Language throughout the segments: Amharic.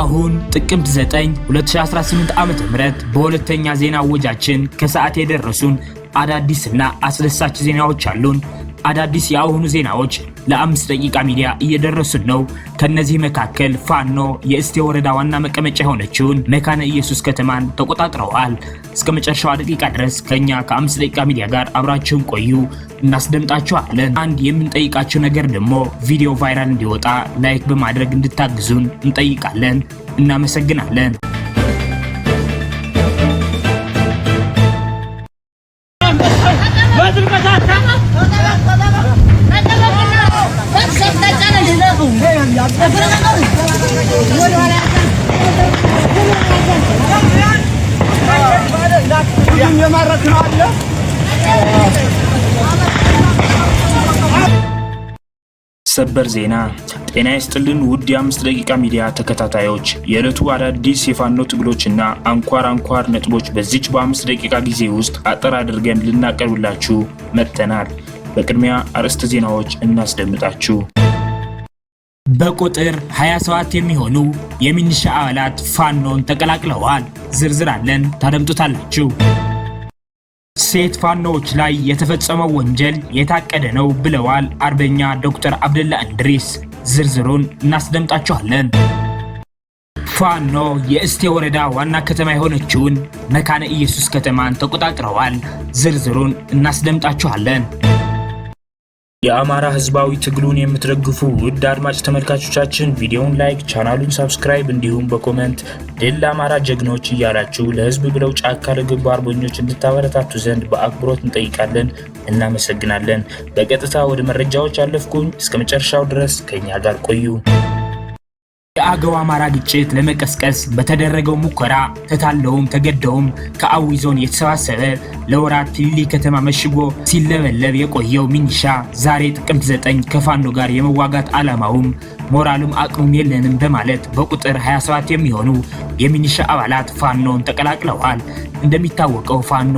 አሁን ጥቅምት 9 2018 ዓመተ ምረት በሁለተኛ ዜና ወጃችን ከሰዓት የደረሱን አዳዲስና አስደሳች ዜናዎች አሉን። አዳዲስ የአሁኑ ዜናዎች ለአምስት ደቂቃ ሚዲያ እየደረሱን ነው። ከነዚህ መካከል ፋኖ የእስቴ ወረዳ ዋና መቀመጫ የሆነችውን መካነ ኢየሱስ ከተማን ተቆጣጥረዋል። እስከ መጨረሻዋ ደቂቃ ድረስ ከእኛ ከአምስት ደቂቃ ሚዲያ ጋር አብራችሁን ቆዩ፣ እናስደምጣችኋለን። አንድ የምንጠይቃቸው ነገር ደግሞ ቪዲዮ ቫይራል እንዲወጣ ላይክ በማድረግ እንድታግዙን እንጠይቃለን። እናመሰግናለን። ሰበር ዜና። ጤና ይስጥልን ውድ የአምስት ደቂቃ ሚዲያ ተከታታዮች፣ የዕለቱ አዳዲስ የፋኖ ትግሎች እና አንኳር አንኳር ነጥቦች በዚች በአምስት ደቂቃ ጊዜ ውስጥ አጠር አድርገን ልናቀርብላችሁ መጥተናል። በቅድሚያ አርዕስተ ዜናዎች እናስደምጣችሁ። በቁጥር 27 የሚሆኑ የሚኒሻ አባላት ፋኖን ተቀላቅለዋል። ዝርዝር አለን፣ ታደምጡታላችሁ። ሴት ፋኖዎች ላይ የተፈጸመው ወንጀል የታቀደ ነው ብለዋል አርበኛ ዶክተር አብደላ እንድሪስ። ዝርዝሩን እናስደምጣችኋለን። ፋኖ የእስቴ ወረዳ ዋና ከተማ የሆነችውን መካነ ኢየሱስ ከተማን ተቆጣጥረዋል። ዝርዝሩን እናስደምጣችኋለን። የአማራ ህዝባዊ ትግሉን የምትደግፉ ውድ አድማጭ ተመልካቾቻችን ቪዲዮውን ላይክ፣ ቻናሉን ሰብስክራይብ እንዲሁም በኮመንት ድል ለአማራ ጀግኖች እያላችሁ ለህዝብ ብለው ጫካ ለገቡ አርበኞች እንድታበረታቱ ዘንድ በአክብሮት እንጠይቃለን። እናመሰግናለን። በቀጥታ ወደ መረጃዎች አለፍኩኝ። እስከ መጨረሻው ድረስ ከኛ ጋር ቆዩ። የአገው አማራ ግጭት ለመቀስቀስ በተደረገው ሙከራ ተታለውም ተገደውም ከአዊ ዞን የተሰባሰበ ለወራት ቲሊሊ ከተማ መሽጎ ሲለበለብ የቆየው ሚኒሻ ዛሬ ጥቅምት 9 ከፋኖ ጋር የመዋጋት ዓላማውም ሞራሉም አቅሙም የለንም በማለት በቁጥር 27 የሚሆኑ የሚኒሻ አባላት ፋኖን ተቀላቅለዋል። እንደሚታወቀው ፋኖ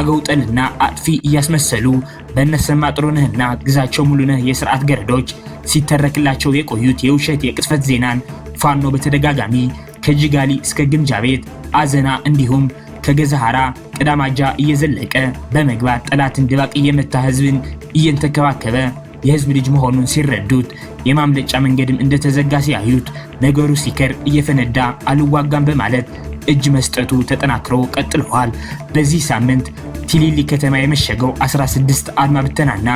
አገውጠልና አጥፊ እያስመሰሉ በነሰማ ጥሩነህና ግዛቸው ሙሉነህ የስርዓት ገረዶች ሲተረክላቸው የቆዩት የውሸት የቅጥፈት ዜናን ፋኖ በተደጋጋሚ ከጂጋሊ እስከ ግምጃ ቤት አዘና እንዲሁም ከገዛሃራ ቀዳማጃ እየዘለቀ በመግባት ጠላትን ድባቅ እየመታ ህዝብን እየተከባከበ የህዝብ ልጅ መሆኑን ሲረዱት የማምለጫ መንገድም እንደተዘጋ ሲያዩት ነገሩ ሲከር እየፈነዳ አልዋጋም በማለት እጅ መስጠቱ ተጠናክሮ ቀጥለዋል። በዚህ ሳምንት ቲሊሊ ከተማ የመሸገው 16 አድማ ብተናና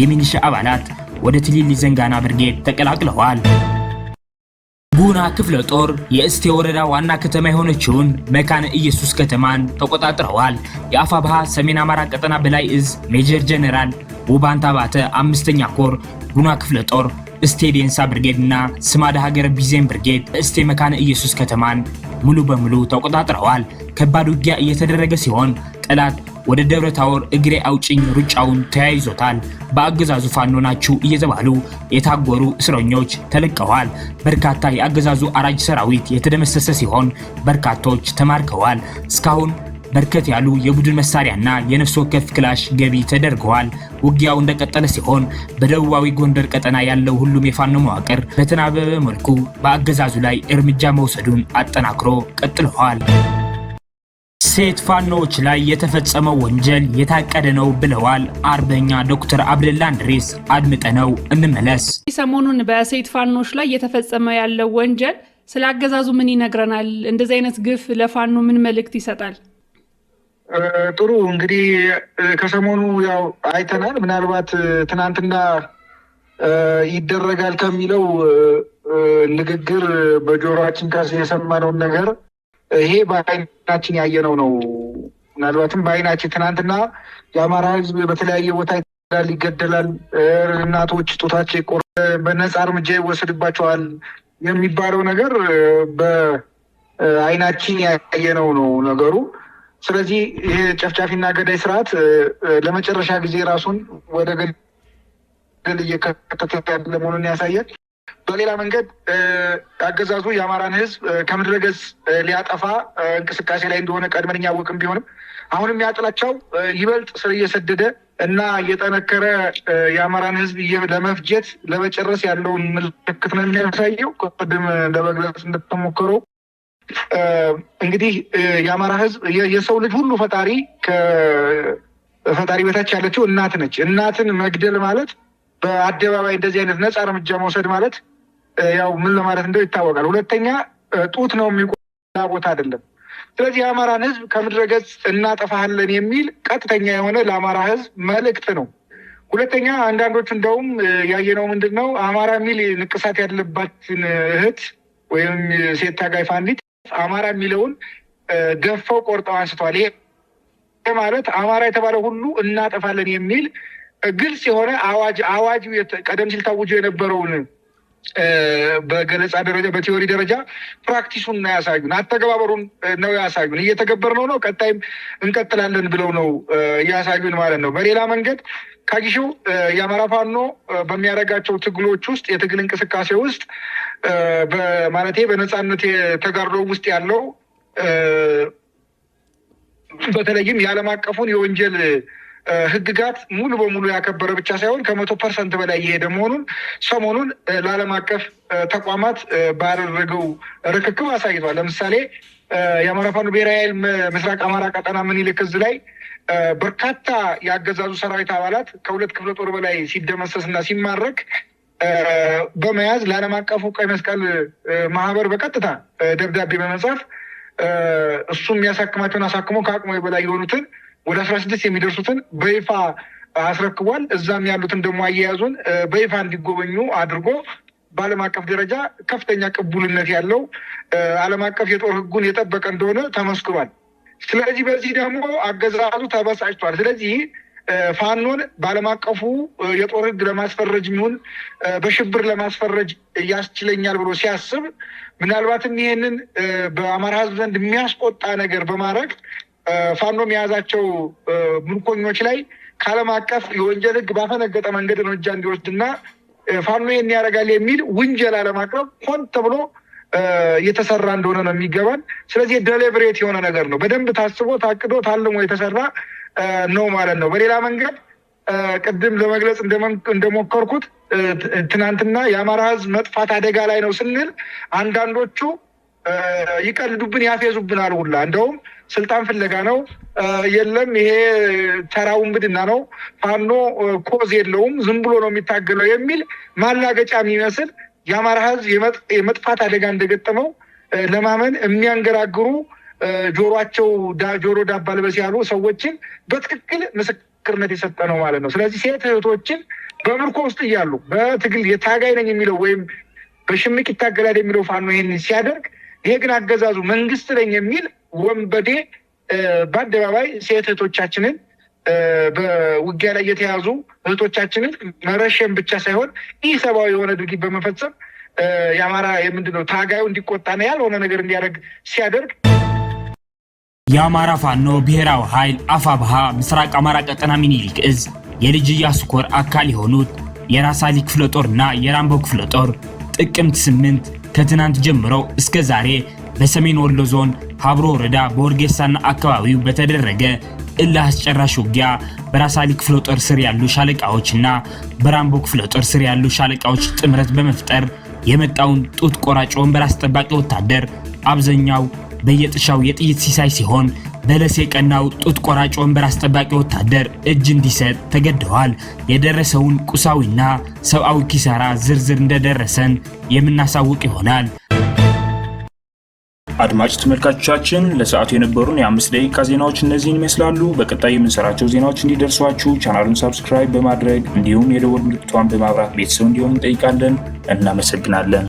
የሚኒሻ አባላት ወደ ቲሊሊ ዘንጋና ብርጌድ ተቀላቅለዋል። ቡና ክፍለ ጦር የእስቴ ወረዳ ዋና ከተማ የሆነችውን መካነ ኢየሱስ ከተማን ተቆጣጥረዋል። የአፋብሃ ሰሜን አማራ ቀጠና በላይ እዝ ሜጀር ጀነራል ውባንታ ባተ አምስተኛ ኮር ቡና ክፍለ ጦር እስቴ ዴንሳ ብርጌድ እና ስማደ ሀገረ ቢዜን ብርጌድ እስቴ መካነ ኢየሱስ ከተማን ሙሉ በሙሉ ተቆጣጥረዋል። ከባድ ውጊያ እየተደረገ ሲሆን ጠላት ወደ ደብረ ታወር እግሬ አውጭኝ ሩጫውን ተያይዞታል። በአገዛዙ ፋኖ ናችሁ እየተባሉ የታጎሩ እስረኞች ተለቀዋል። በርካታ የአገዛዙ አራጅ ሰራዊት የተደመሰሰ ሲሆን በርካቶች ተማርከዋል። እስካሁን በርከት ያሉ የቡድን መሳሪያና የነፍስ ወከፍ ክላሽ ገቢ ተደርገዋል። ውጊያው እንደቀጠለ ሲሆን በደቡባዊ ጎንደር ቀጠና ያለው ሁሉም የፋኖ መዋቅር በተናበበ መልኩ በአገዛዙ ላይ እርምጃ መውሰዱን አጠናክሮ ቀጥለዋል። ሴት ፋኖዎች ላይ የተፈጸመው ወንጀል የታቀደ ነው ብለዋል አርበኛ ዶክተር አብደላ እንድሪስ። ነው እንመለስ። ሰሞኑን በሴት ፋኖች ላይ እየተፈጸመ ያለው ወንጀል ስለ አገዛዙ ምን ይነግረናል? እንደዚህ አይነት ግፍ ለፋኖ ምን መልእክት ይሰጣል? ጥሩ እንግዲህ ከሰሞኑ ያው አይተናል። ምናልባት ትናንትና ይደረጋል ከሚለው ንግግር በጆሮችን ካስ የሰማነውን ነገር ይሄ በአይናችን ያየነው ነው። ምናልባትም በአይናችን ትናንትና የአማራ ህዝብ በተለያየ ቦታ ይገደላል፣ ይገደላል፣ እናቶች ጡታቸው ይቆር፣ በነፃ እርምጃ ይወሰድባቸዋል የሚባለው ነገር በአይናችን ያየነው ነው ነገሩ። ስለዚህ ይሄ ጨፍጫፊና ገዳይ ስርዓት ለመጨረሻ ጊዜ ራሱን ወደ ገደል እየከተተ ያለ መሆኑን ያሳያል። በሌላ መንገድ አገዛዙ የአማራን ህዝብ ከምድረ ገጽ ሊያጠፋ እንቅስቃሴ ላይ እንደሆነ ቀድመን እኛ ቢሆንም አሁንም ያጥላቸው ይበልጥ ስር እየሰደደ እና እየጠነከረ የአማራን ህዝብ ለመፍጀት ለመጨረስ ያለውን ምልክት ነው የሚያሳየው። ቅድም ለመግለጽ እንደተሞከረው እንግዲህ የአማራ ህዝብ የሰው ልጅ ሁሉ ፈጣሪ ከፈጣሪ በታች ያለችው እናት ነች። እናትን መግደል ማለት በአደባባይ እንደዚህ አይነት ነፃ እርምጃ መውሰድ ማለት ያው ምን ለማለት እንደው ይታወቃል። ሁለተኛ ጡት ነው የሚቆላ ቦታ አይደለም። ስለዚህ የአማራን ህዝብ ከምድረ ገጽ እናጠፋሃለን የሚል ቀጥተኛ የሆነ ለአማራ ህዝብ መልእክት ነው። ሁለተኛ አንዳንዶቹ እንደውም ያየነው ምንድን ነው አማራ የሚል ንቅሳት ያለባትን እህት ወይም ሴት ታጋይ ፋኒት አማራ የሚለውን ገፈው ቆርጠው አንስተዋል። ይሄ ማለት አማራ የተባለ ሁሉ እናጠፋለን የሚል ግልጽ የሆነ አዋጅ አዋጅ ቀደም ሲል ታውጆ የነበረውን በገለጻ ደረጃ በቲዎሪ ደረጃ ፕራክቲሱን ነው ያሳዩን፣ አተገባበሩን ነው ያሳዩን። እየተገበር ነው ነው ቀጣይም እንቀጥላለን ብለው ነው እያሳዩን ማለት ነው። በሌላ መንገድ ከጊሽው የአማራ ፋኖ በሚያደርጋቸው ትግሎች ውስጥ የትግል እንቅስቃሴ ውስጥ በማለቴ በነፃነት የተጋድሎ ውስጥ ያለው በተለይም የዓለም አቀፉን የወንጀል ህግጋት ሙሉ በሙሉ ያከበረ ብቻ ሳይሆን ከመቶ ፐርሰንት በላይ የሄደ መሆኑን ሰሞኑን ለዓለም አቀፍ ተቋማት ባደረገው ርክክብ አሳይቷል። ለምሳሌ የአማራ ፋኖ ብሔራዊ ኃይል ምስራቅ አማራ ቀጠና ምኒልክ ዕዝ ላይ በርካታ የአገዛዙ ሰራዊት አባላት ከሁለት ክፍለ ጦር በላይ ሲደመሰስ እና ሲማረክ በመያዝ ለዓለም አቀፉ ቀይ መስቀል ማህበር በቀጥታ ደብዳቤ በመጻፍ እሱም የሚያሳክማቸውን አሳክሞ ከአቅሞ በላይ የሆኑትን ወደ አስራ ስድስት የሚደርሱትን በይፋ አስረክቧል። እዛም ያሉትን ደግሞ አያያዙን በይፋ እንዲጎበኙ አድርጎ በዓለም አቀፍ ደረጃ ከፍተኛ ቅቡልነት ያለው ዓለም አቀፍ የጦር ሕጉን የጠበቀ እንደሆነ ተመስክሯል። ስለዚህ በዚህ ደግሞ አገዛዙ ተበሳጭቷል። ስለዚህ ፋኖን በዓለም አቀፉ የጦር ሕግ ለማስፈረጅ የሚሆን በሽብር ለማስፈረጅ ያስችለኛል ብሎ ሲያስብ ምናልባትም ይሄንን በአማራ ሕዝብ ዘንድ የሚያስቆጣ ነገር በማድረግ ፋኖ የያዛቸው ምርኮኞች ላይ ከዓለም አቀፍ የወንጀል ህግ ባፈነገጠ መንገድ እርምጃ እንዲወስድና ፋኖ ይህን ያደርጋል የሚል ውንጀላ ለማቅረብ ሆን ተብሎ የተሰራ እንደሆነ ነው የሚገባን። ስለዚህ ደሌብሬት የሆነ ነገር ነው። በደንብ ታስቦ ታቅዶ ታልሞ የተሰራ ነው ማለት ነው። በሌላ መንገድ ቅድም ለመግለጽ እንደሞከርኩት ትናንትና የአማራ ህዝብ መጥፋት አደጋ ላይ ነው ስንል አንዳንዶቹ ይቀልዱብን ያፌዙብን ሁላ እንደውም ስልጣን ፍለጋ ነው። የለም ይሄ ተራው ውንብድና ነው፣ ፋኖ ኮዝ የለውም ዝም ብሎ ነው የሚታገለው የሚል ማላገጫ የሚመስል የአማራ ህዝብ የመጥፋት አደጋ እንደገጠመው ለማመን የሚያንገራግሩ ጆሮቸው ጆሮ ዳባ ልበስ ያሉ ሰዎችን በትክክል ምስክርነት የሰጠ ነው ማለት ነው። ስለዚህ ሴት እህቶችን በምርኮ ውስጥ እያሉ በትግል የታጋይ ነኝ የሚለው ወይም በሽምቅ ይታገላል የሚለው ፋኖ ይህን ሲያደርግ፣ ይሄ ግን አገዛዙ መንግስት ነኝ የሚል ወንበዴ በአደባባይ ሴት እህቶቻችንን በውጊያ ላይ የተያዙ እህቶቻችንን መረሸን ብቻ ሳይሆን ይህ ሰብአዊ የሆነ ድርጊት በመፈጸም የአማራ የምንድነው ታጋዩ እንዲቆጣና ያልሆነ ነገር እንዲያደርግ ሲያደርግ የአማራ ፋኖ ብሔራዊ ኃይል አፋብሃ ምስራቅ አማራ ቀጠና ሚኒሊክ እዝ የልጅ ኢያሱ ኮር አካል የሆኑት የራሳሊ ክፍለ ጦርና የራምቦ ክፍለ ጦር ጥቅምት ስምንት ከትናንት ጀምሮ እስከ ዛሬ በሰሜን ወሎ ዞን ሀብሮ ወረዳ በወርጌሳና አካባቢው በተደረገ እልህ አስጨራሽ ውጊያ በራሳሊ ክፍለ ጦር ስር ያሉ ሻለቃዎችና በራምቦ ክፍለ ጦር ስር ያሉ ሻለቃዎች ጥምረት በመፍጠር የመጣውን ጡት ቆራጭ ወንበር አስጠባቂ ወታደር አብዛኛው በየጥሻው የጥይት ሲሳይ ሲሆን በለስ የቀናው ጡት ቆራጭ ወንበር አስጠባቂ ወታደር እጅ እንዲሰጥ ተገደዋል። የደረሰውን ቁሳዊና ሰብአዊ ኪሳራ ዝርዝር እንደደረሰን የምናሳውቅ ይሆናል። አድማጭ ተመልካቾቻችን ለሰዓቱ የነበሩን የአምስት ደቂቃ ዜናዎች እነዚህን ይመስላሉ። በቀጣይ የምንሰራቸው ዜናዎች እንዲደርሷችሁ ቻናሉን ሰብስክራይብ በማድረግ እንዲሁም የደወል ምልክቷን በማብራት ቤተሰብ እንዲሆን እንጠይቃለን። እናመሰግናለን።